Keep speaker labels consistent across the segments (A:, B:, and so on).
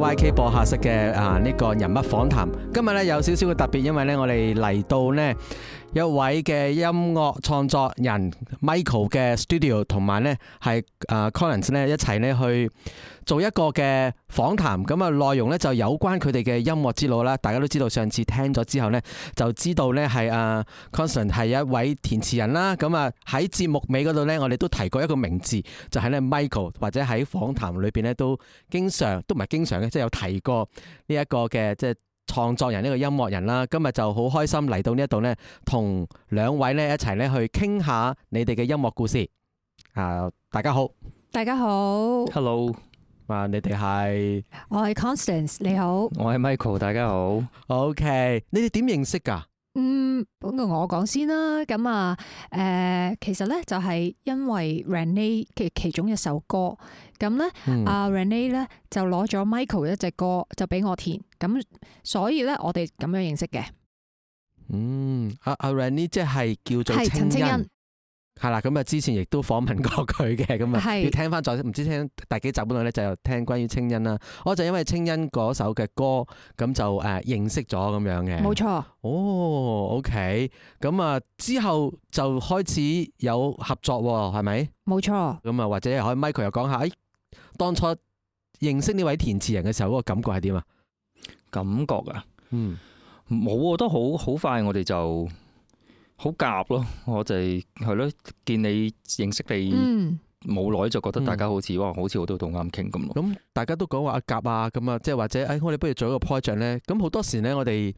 A: YK 播客室嘅啊呢個人物訪談今日咧有少少嘅特別，因為咧我哋嚟到咧一位嘅音樂創作人 Michael 嘅 studio，同埋咧係啊 Collins 咧一齊咧去做一個嘅訪談，咁啊內容咧就有關佢哋嘅音樂之路啦。大家都知道上次聽咗之後咧，就知道咧係啊 Constance 係一位填詞人啦。咁啊喺節目尾度咧，我哋都提過一個名字，就係咧 Michael，或者喺訪談裏邊咧都經常都唔係經常即係有提過呢一個嘅，即係創作人、呢個音樂人啦，今日就好開心嚟到呢一度咧，同兩位咧一齊咧去傾下你哋嘅音樂故事啊！大家好，
B: 大家好
A: ，Hello，啊，你哋係？我係 Constance，你好，我係 Michael，大家好，OK，你哋點認識㗎？
B: 嗯，咁我講先啦，咁啊，誒、呃，其實咧就係因為 Renee 嘅其中一首歌，咁咧阿 Renee 咧就攞咗 Michael 嘅一隻歌就俾我填，咁所以咧我哋咁樣認識嘅。
A: 嗯，阿、啊、阿、啊、Renee 即係叫做陳清恩。係啦，咁啊之前亦都訪問過佢嘅，咁啊是要聽翻再，唔知聽第幾集本來呢，就聽關於清音啦。錯我就因為清音嗰首嘅歌，咁就誒認識咗咁樣嘅。冇錯。哦、oh,，OK，咁啊之後就開始有合作喎，係咪？冇錯。咁啊，或者可以 Michael 又講下，誒、哎、當初認識呢位填詞人嘅時候，嗰、那個感覺係點啊？感覺啊，嗯，冇都好好快，我哋就。
C: 好夾咯，我就係係咯，見你認識你
A: 冇耐、嗯、就覺得大家好似、嗯、哇，好似好多同啱傾咁咯。咁大家都講話啊夾啊咁啊，即係或者誒，我哋不如做一個 project 咧。咁好多時咧，我哋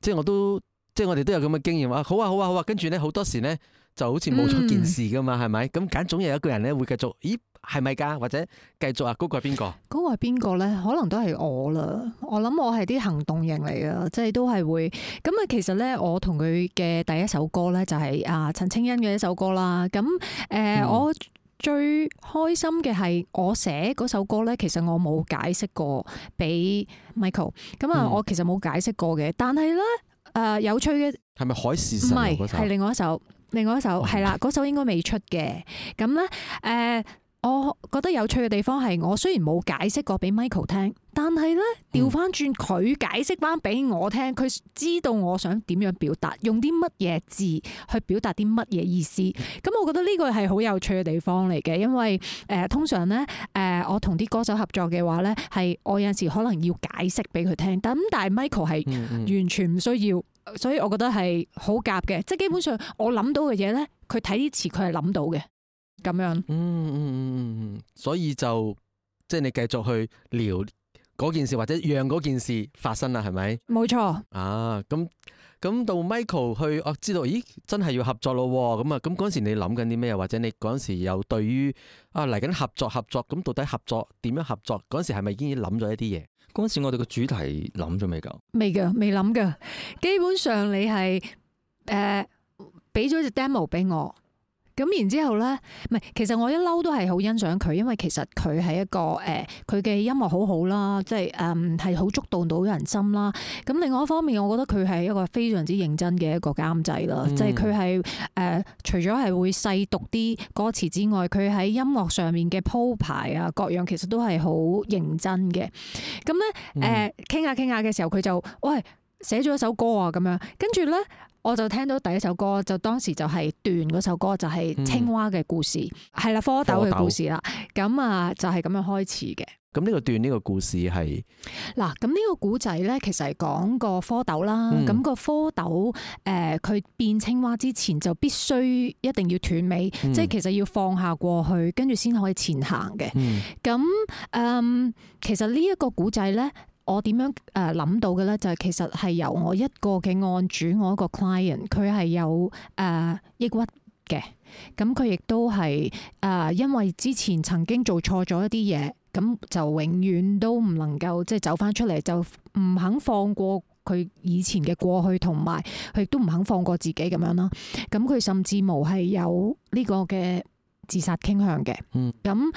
A: 即係我都即係我哋都有咁嘅經驗話，好啊好啊好啊，跟住咧好、啊好啊、多時咧就好似冇咗件事噶嘛，係咪、嗯？咁梗總有一個人咧會繼續，咦？係咪噶？或者繼續啊？高、那個係邊個？
B: 高係邊個咧？可能都係我啦。我諗我係啲行動型嚟噶，即係都係會咁啊。其實咧，我同佢嘅第一首歌咧，就係啊陳青恩嘅一首歌啦。咁誒、呃嗯、我最開心嘅係我寫嗰首歌咧，其實我冇解釋過俾 Michael。咁啊，我其實冇解釋過嘅，但係咧誒，有趣嘅
A: 係咪海市蜃？唔係，係另
B: 外一首，另外一首係啦。嗰、哦、首應該未出嘅。咁咧誒。呃呃我覺得有趣嘅地方係，我雖然冇解釋過俾 Michael 聽，但係咧調翻轉佢解釋翻俾我聽，佢知道我想點樣表達，用啲乜嘢字去表達啲乜嘢意思。咁我覺得呢個係好有趣嘅地方嚟嘅，因為誒、呃、通常咧誒、呃、我同啲歌手合作嘅話咧，係我有陣時可能要解釋俾佢聽，咁但係 Michael 係完全唔需要，嗯嗯所以我覺得係好夾嘅，即係基本上我諗到嘅嘢咧，佢睇啲詞佢係諗到嘅。咁樣嗯，嗯嗯嗯嗯
A: 嗯，所以就即係你繼續去聊嗰件事，或者讓嗰件事發生啦，係咪？冇錯。啊，咁咁到 Michael 去，我知道，咦，真係要合作咯，咁啊，咁嗰時你諗緊啲咩？或者你嗰時又對於啊嚟緊合作合作，咁到底合作點樣合作？嗰時係咪已經諗咗一啲嘢？嗰時我哋個主題諗咗未？噶？
B: 未噶，未諗噶。基本上你係誒俾咗隻 demo 俾我。咁然之後咧，唔係，其實我一嬲都係好欣賞佢，因為其實佢係一個誒，佢嘅音樂好好啦，即係誒係好觸動到人心啦。咁另外一方面，我覺得佢係一個非常之認真嘅一個監製啦，即係佢係誒除咗係會細讀啲歌詞之外，佢喺音樂上面嘅鋪排啊，各樣其實都係好認真嘅。咁咧誒，傾下傾下嘅時候，佢就，喂，寫咗一首歌啊，咁樣，跟住咧。我就聽到第一首歌，就當時就係段嗰首歌，就係、是、青蛙嘅故事，係啦、嗯，蝌蚪嘅故事啦。咁啊蝌蚪，就係咁樣開始嘅。
A: 咁呢個段呢個故事係
B: 嗱，咁呢個古仔咧，其實係講、嗯、個蝌蚪啦。咁個蝌蚪，誒，佢變青蛙之前就必須一定要斷尾，嗯、即係其實要放下過去，跟住先可以前行嘅。咁、嗯，嗯，呃、其實呢一個古仔咧。我點樣誒諗到嘅咧？就係、是、其實係由我一個嘅案主，我一個 client，佢係有誒、呃、抑鬱嘅。咁佢亦都係誒，因為之前曾經做錯咗一啲嘢，咁就永遠都唔能夠即係走返出嚟，就唔、是、肯放過佢以前嘅過去，同埋佢亦都唔肯放過自己咁樣囉。咁佢甚至無係有呢個嘅自殺傾向嘅。咁。嗯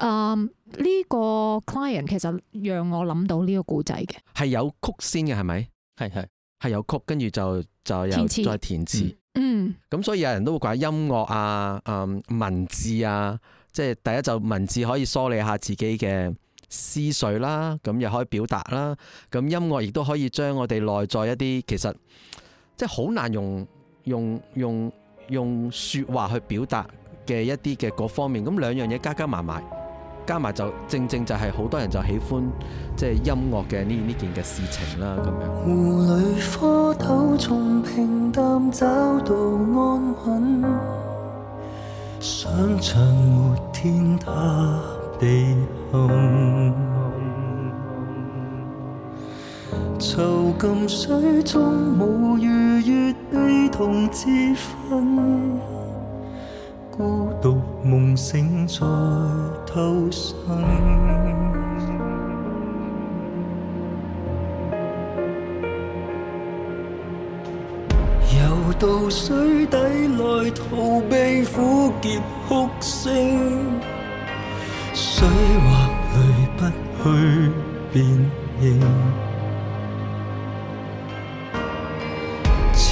B: 嗯，呢、um, 個 client 其實讓我諗到呢個故仔嘅，
A: 係有曲先嘅，係咪？係係係有曲，跟住就就又填詞，再填詞。嗯，咁所以有人都會講音樂啊，誒、嗯、文字啊，即係第一就係、文字可以梳理下自己嘅思緒啦，咁又可以表達啦，咁音樂亦都可以將我哋內在一啲其實即係好難用用用用説話去表達嘅一啲嘅各方面，咁兩樣嘢加加埋埋。加埋就正正就係好多人就喜歡即係音樂嘅呢呢件嘅事情啦咁
D: 樣，從平淡找到安穩，孤獨夢醒再偷生， 游到水底來逃避苦澀哭聲，水或淚不去辨認。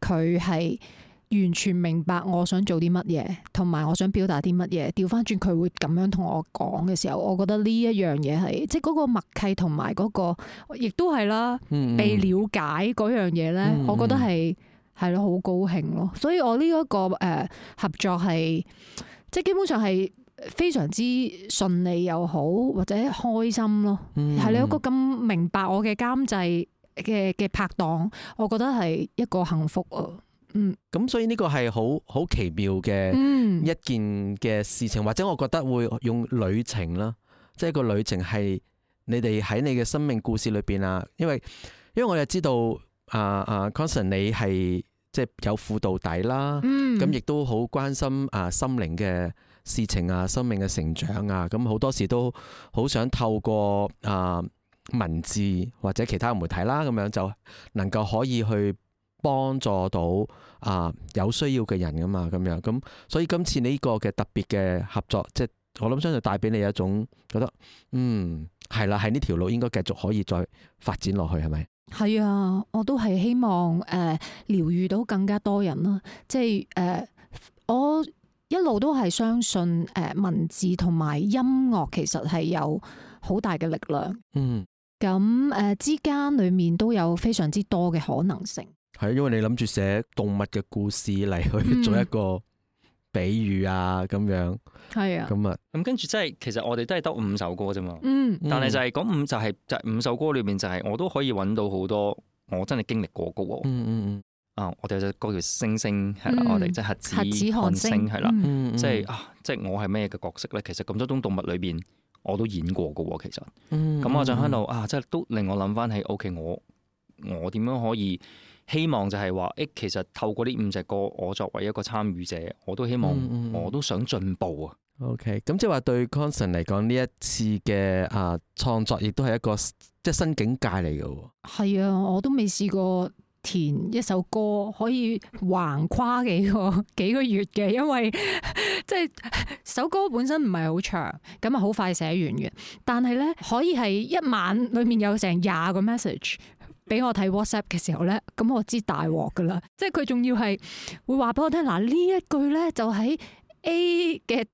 B: 佢係完全明白我想做啲乜嘢，同埋我想表達啲乜嘢。調翻轉佢會咁樣同我講嘅時候，我覺得呢一樣嘢係，即係嗰個默契同埋嗰個，亦都係啦，嗯、被了解嗰樣嘢咧，嗯、我覺得係係咯好高興咯。所以我呢一個誒合作係，即、就、係、是、基本上係非常之順利又好，或者開心咯。係你、嗯、一個咁明白我嘅監製。嘅嘅拍檔，我覺得係一個幸福啊，嗯，
A: 咁所以呢個係好好奇妙嘅一件嘅事情，嗯、或者我覺得會用旅程啦，即、就、係、是、個旅程係你哋喺你嘅生命故事裏邊啊，因為因為我又知道啊啊、呃呃、Consen 你係即係有輔導底啦，咁亦、嗯、都好關心啊心靈嘅事情啊，生命嘅成長啊，咁好多時都好想透過啊。呃文字或者其他媒體啦，咁樣就能夠可以去幫助到啊、呃、有需要嘅人㗎嘛，咁樣咁，所以今次呢個嘅特別嘅合作，即係我諗，相信帶俾你一種覺得，嗯，係啦，喺呢條路應該繼續可以再發展落去，係咪？
B: 係啊，我都係希望誒、呃、療愈到更加多人啦，即係誒、呃，我一路都係相信誒、呃、文字同埋音樂其實係有好大嘅力量，嗯。咁誒、嗯呃，之間裏面都有非常之多嘅可能性。
A: 係啊，因為你諗住寫動物嘅故事嚟去做一個比喻啊，咁樣
B: 係啊。咁
C: 啊、嗯，咁、嗯、跟住即係，其實我哋都係得五首歌啫嘛、嗯。嗯。但係就係、是、嗰五就係、是、就是、五首歌裏面，就係我都可以揾到好多我真係經歷過嘅、嗯。嗯嗯啊，我哋隻歌叫星星係啦，我哋即係子子寒星係啦。即係啊，即、就、係、是、我係咩嘅角色咧？其實咁多種動物裏邊。我都演過嘅喎，其實，
D: 咁、嗯、我就喺度
C: 啊，即係都令我諗返起、嗯、OK，我我點樣可以希望就係話，誒、欸，其實透過呢五隻歌，我作為一個參與者，我都希望，嗯嗯、我都想進步
A: okay，啊。OK，咁即係話對 concert 嚟講，呢一次嘅啊創作，亦都係一個即係新境界嚟嘅
B: 喎。係啊，我都未試過。填一首歌可以橫跨幾個幾個月嘅，因為即係首歌本身唔係好長，咁啊好快寫完嘅。但係咧可以係一晚裏面有成廿個 message 俾我睇 WhatsApp 嘅時候咧，咁我知大鑊噶啦。即係佢仲要係會話俾我聽嗱，呢一句咧就喺 A 嘅。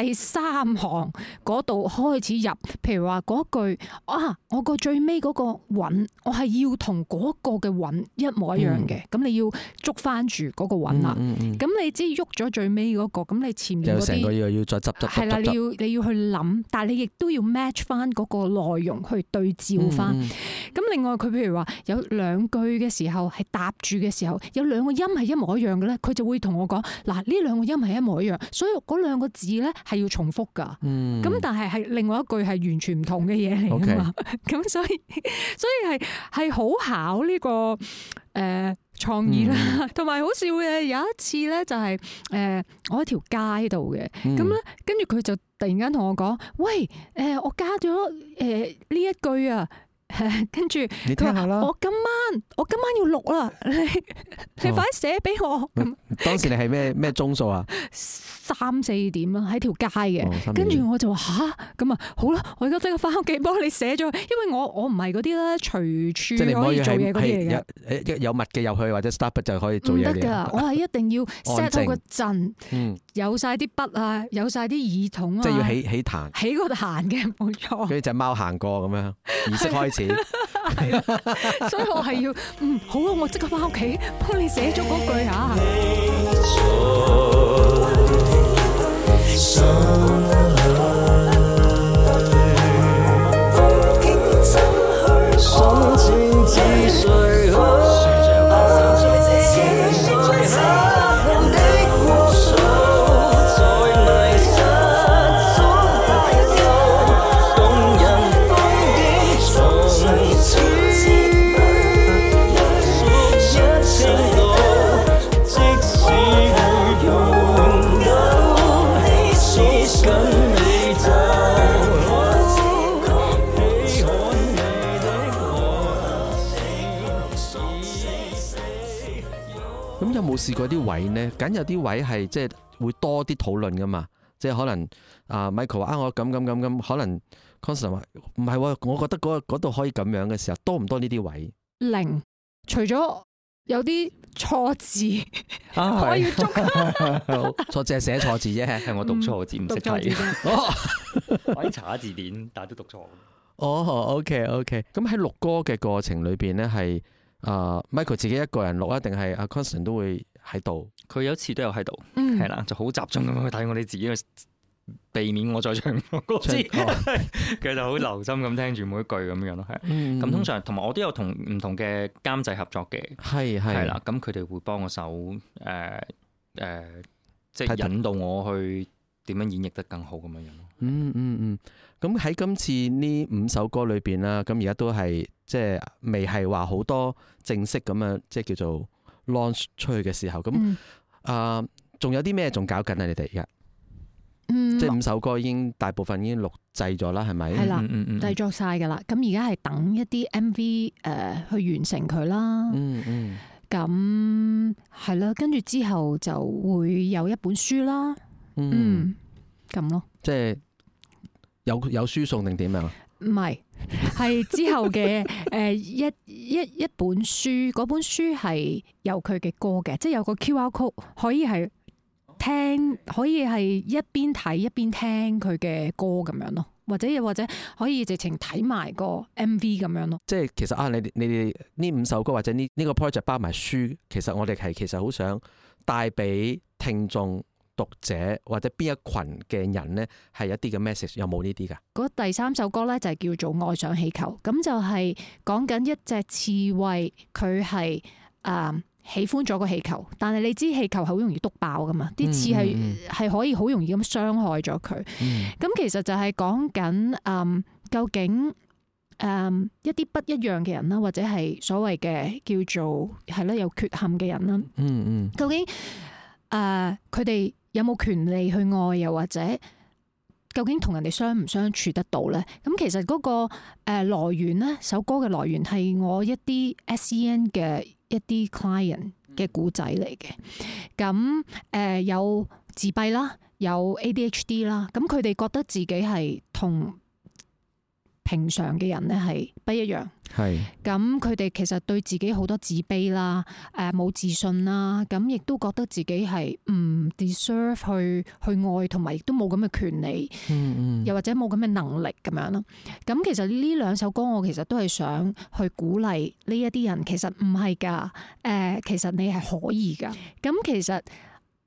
B: 第三行嗰度開始入，譬如話嗰句啊，我最、嗰個最尾嗰個韻，我係要同嗰個嘅韻一模一樣嘅，咁、嗯、你要捉翻住嗰、嗰個韻啦。咁、嗯嗯嗯、你知喐咗最尾嗰、嗰個，咁你前面又成個
A: 又要再執執係啦，你要，
B: 你要去諗，但係你亦都要 match 翻嗰個內容去對照翻。咁、嗯嗯、另外佢譬如話有兩句嘅時候係搭住嘅時候，有兩個音係一模一樣嘅咧，佢就會同我講，嗱，呢兩個音係一模一樣，所以嗰兩個字咧。係要重複噶，
D: 咁、嗯、但
B: 係係另外一句係完全唔同嘅嘢嚟噶嘛，咁 Okay. 所以所以係係好考呢、這個誒創、呃、意啦，同埋、嗯、好笑嘅有一次咧就係、是、誒、呃、我喺條街度嘅，咁咧跟住佢就突然間同我講，喂誒、呃、我加咗誒呢一句啊。 跟住 着，你聽下啦。我今晚我今晚要錄啦，你快啲寫俾我。哦、這樣
A: 當時你係咩咩鐘數啊？
B: 三四點啊，喺條街嘅。跟住我就話吓，咁啊好啦，我而家即刻返屋企幫你寫咗。因為我我唔係嗰啲咧，隨處即係可以做嘢嗰
A: 啲嘅。有物嘅入去或者 start 就可以做嘢。我
B: 係一定要 set 好個陣，靜有晒啲筆啊，有晒啲耳筒啊。即係要起
A: 起壇，起個壇嘅冇錯。嗰隻貓行過咁樣，儀式開始。
B: 係啊，所以我係要，嗯，好啊，我即刻返屋企幫你寫咗嗰
D: 句啊。
A: 啲位係即係會多啲討論噶嘛，即係可能啊、呃、Michael 話啊，我咁咁咁咁，可能 Consen 話唔係，啊，我覺得嗰嗰度可以咁樣嘅時候，多唔多呢啲位？
B: 零，除咗有啲
A: 錯字，啊、 我要捉錯 字係寫錯字啫，係我讀錯字唔識睇，可以查
C: 下字典，但係都讀錯。
A: 哦，OK OK，咁喺錄歌嘅過程裏邊咧，係啊、呃、Michael 自己一個人錄啊，定係阿 Consen 都會？喺度，佢有一次都有喺度，係啦、嗯，就好集中咁去睇我哋自己嘅，嗯、
C: 避免我再唱歌。佢歌 就好留心咁聽住每一句咁樣咯，係。咁、嗯、通常同埋我都有同唔同嘅監製合作嘅，係係啦。咁佢哋會幫我手誒誒、呃呃，即係引導我去點樣演繹得更好咁樣樣咯。
A: 嗯嗯嗯。咁、嗯、喺今次呢五首歌裏邊啦，咁而家都係即係未係話好多正式咁樣，即、就、係、是、叫做。launch 出去嘅時候，咁啊，仲、嗯呃、有啲咩仲搞緊啊？你哋而家，嗯、
B: 即係五
A: 首歌已經大部分已經錄製咗啦，係咪？係啦了，嗯嗯，嗯，製作
B: 晒噶啦，咁而家係等一啲 M V 誒、呃、去完成佢啦，嗯嗯，咁係啦，跟住之後就會有一本書啦，嗯，嗯樣，咁咯，
A: 即係有有書送定點樣啊？
B: 唔係，係之後嘅誒、呃、一一一本書，嗰 本書係有佢嘅歌嘅，即係有個 QR code，可以係聽，可以係一邊睇一邊聽佢嘅歌咁樣咯，或者又或者可以直情睇埋個 M V 咁樣咯。
A: 即係其實啊，你你哋呢五首歌或者呢呢個 project 包埋書，其實我哋係其實好想帶俾聽眾讀者或者邊一群嘅人咧，係一啲嘅 message 有冇呢啲噶？
B: 嗰第三首歌咧就係叫做《愛上氣球》，咁就係講緊一隻刺猬，佢係誒喜歡咗個氣球，但係你知氣球好容易篤爆噶嘛？啲刺係係可以好容易咁傷害咗佢。咁、嗯、其實就係講緊誒，究竟誒、呃、一啲不一樣嘅人啦，或者係所謂嘅叫做係啦，有缺陷嘅人啦、嗯。嗯嗯，究竟誒佢哋？呃呃有冇權利去愛，又或者究竟同人哋相唔相處得到呢？咁其實嗰個誒來源呢，首歌嘅來源係我一啲 SEN 嘅一啲 client 嘅故仔嚟嘅。咁誒有自閉啦，有 ADHD 啦，咁佢哋覺得自己係同平常嘅人咧，係不一樣，係，咁佢哋其實對自己好多自卑啦，誒冇自信啦，咁亦都覺得自己係唔 deserve 去去愛，同埋亦都冇咁嘅權利，又或者冇咁嘅能力咁樣咯。咁，嗯嗯，其實呢兩首歌，我其實都係想去鼓勵呢一啲人。其實唔係噶誒、呃，其實你係可以噶。咁，嗯，其實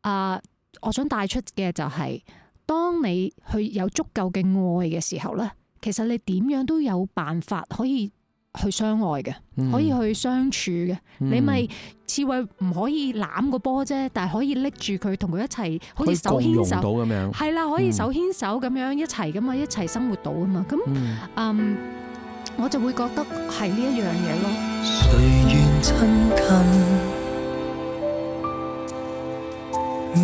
B: 啊，呃，我想帶出嘅就係、是，當你去有足夠嘅愛嘅時候咧。其實你點樣都有辦法可以去相愛嘅，嗯、可以去相處嘅。嗯、你咪刺猬唔可以攬個波啫，但係可以拎住佢同佢一齊，好似手牽手咁樣。係啦，可以手牽手咁樣、嗯、一齊噶嘛，一齊生活到噶嘛。咁嗯，嗯，我就會覺得係呢一樣嘢咯。誰願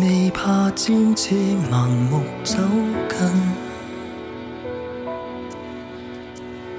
B: 親近，
D: 未怕戰戰盲目走近。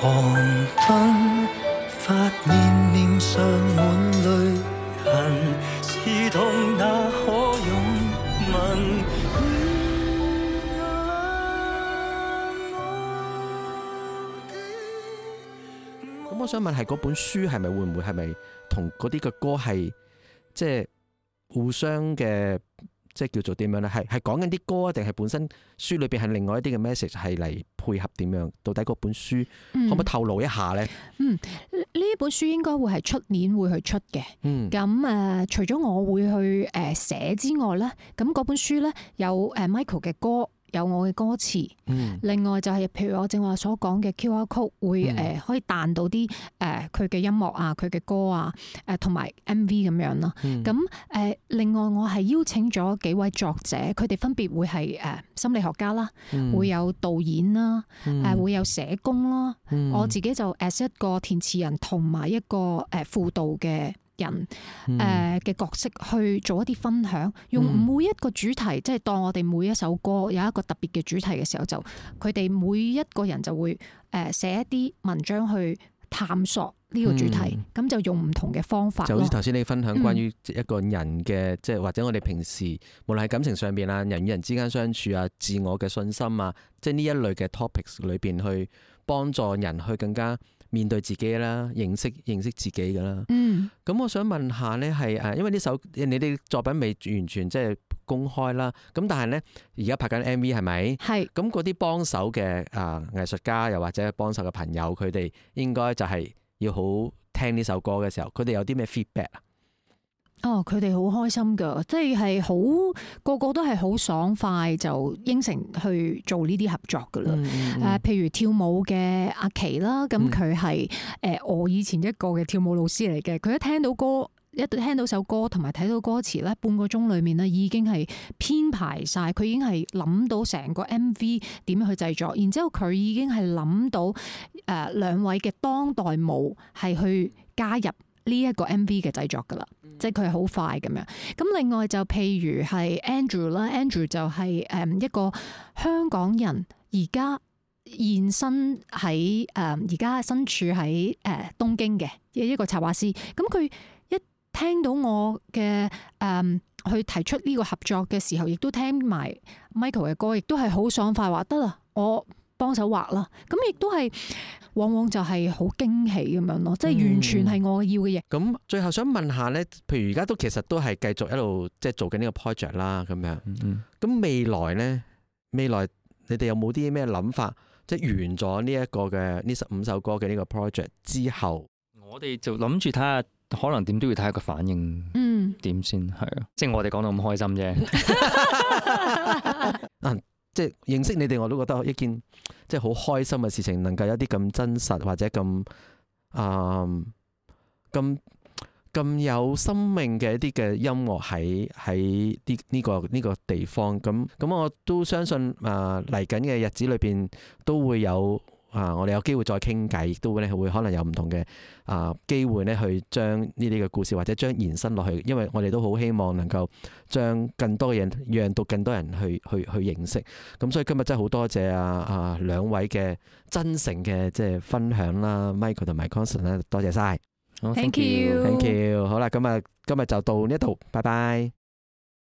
D: 狂奔發現臉上滿淚痕，刺痛那可擁吻。咁
A: 我想問，係嗰本書係咪會唔會係咪同嗰啲嘅歌係即係互相嘅，即係叫做點樣咧？係係講緊啲歌啊，定係本身書裏邊係另外一啲嘅 message 係嚟？配合點樣？到底嗰本書可唔可以透露一下咧、嗯？
B: 嗯，呢本書應該會係出年會去出嘅。嗯，咁、呃、誒，除咗我會去誒寫之外咧，咁嗰本書咧有誒 Michael 嘅歌。有我嘅歌詞，嗯、另外就係譬如我正話所講嘅 Q R Code 會誒、嗯呃、可以彈到啲誒佢嘅音樂啊，佢嘅歌啊，誒同埋 M V 咁樣咯。咁誒、嗯呃、另外我係邀請咗幾位作者，佢哋分別會係誒、呃、心理學家啦，嗯、會有導演啦，誒、嗯呃、會有社工啦。嗯、我自己就 as 一個填詞人同埋一個誒輔導嘅人誒嘅角色去做一啲分享，用每一個主題，嗯、即係當我哋每一首歌有一個特別嘅主題嘅時候，就佢哋每一個人就會誒寫一啲文章去探索呢個主題，咁、嗯、就用唔同嘅方法。就好似頭
A: 先你分享關於一個人嘅，即係、嗯、或者我哋平時無論喺感情上邊啊，人與人之間相處啊，自我嘅信心啊，即係呢一類嘅 topics 裏邊去幫助人去更加。面對自己啦，認識認識自己嘅啦。嗯，咁我想問下咧，係誒，因為呢首你哋作品未完全即係公開啦，咁但係咧而家拍緊 M V 係咪？係是。咁嗰啲幫手嘅啊藝術家又或者幫手嘅朋友，佢哋應該就係要好聽呢首歌嘅時候，佢哋有啲咩 feedback 啊？
B: 哦，佢哋好開心噶，即係好個個都係好爽快就應承去做呢啲合作噶啦。誒、嗯嗯嗯啊，譬如跳舞嘅阿琪啦，咁佢係誒我以前一個嘅跳舞老師嚟嘅。佢一聽到歌，一聽到首歌同埋睇到歌詞咧，半個鐘裏面咧已經係編排晒。佢已經係諗到成個 MV 點去製作，然之後佢已經係諗到誒、呃、兩位嘅當代舞係去加入。呢一個 MV 嘅製作噶啦，即係佢係好快咁樣。咁另外就譬如係 Andrew 啦，Andrew 就係誒一個香港人，而家現身喺誒而家身處喺誒東京嘅一個插畫師。咁佢一聽到我嘅誒去提出呢個合作嘅時候，亦都聽埋 Michael 嘅歌，亦都係好爽快話得啦，我。幫手畫啦，咁亦都係往往就係好驚喜咁樣咯，即係完全係我要嘅嘢。
A: 咁、嗯、最後想問下咧，譬如而家都其實都係繼續一路即係做緊呢個 project 啦，咁樣。咁、嗯、未來咧，未來你哋有冇啲咩諗法？即係完咗呢一個嘅呢十五首歌嘅呢個 project 之後，
C: 我哋就諗住睇下可能點都要睇下個反應，
A: 嗯，點先係啊，即係我哋講到咁開心啫。 即係認識你哋，我都覺得一件即係好開心嘅事情。能夠有啲咁真實或者咁啊咁咁有生命嘅一啲嘅音樂喺喺啲呢個呢個地方。咁咁我都相信啊嚟緊嘅日子裏邊都會有。啊！我哋有機會再傾偈，亦都咧會可能有唔同嘅啊機會咧，去將呢啲嘅故事或者將延伸落去。因為我哋都好希望能夠將更多嘅嘢讓到更多人去去去認識。咁所以今日真係好多謝啊啊兩位嘅真誠嘅即係分享啦，Michael 同埋 Conson 咧，多謝晒。Thank you，thank you。You. 好啦，咁啊，今日就到呢一度，拜拜。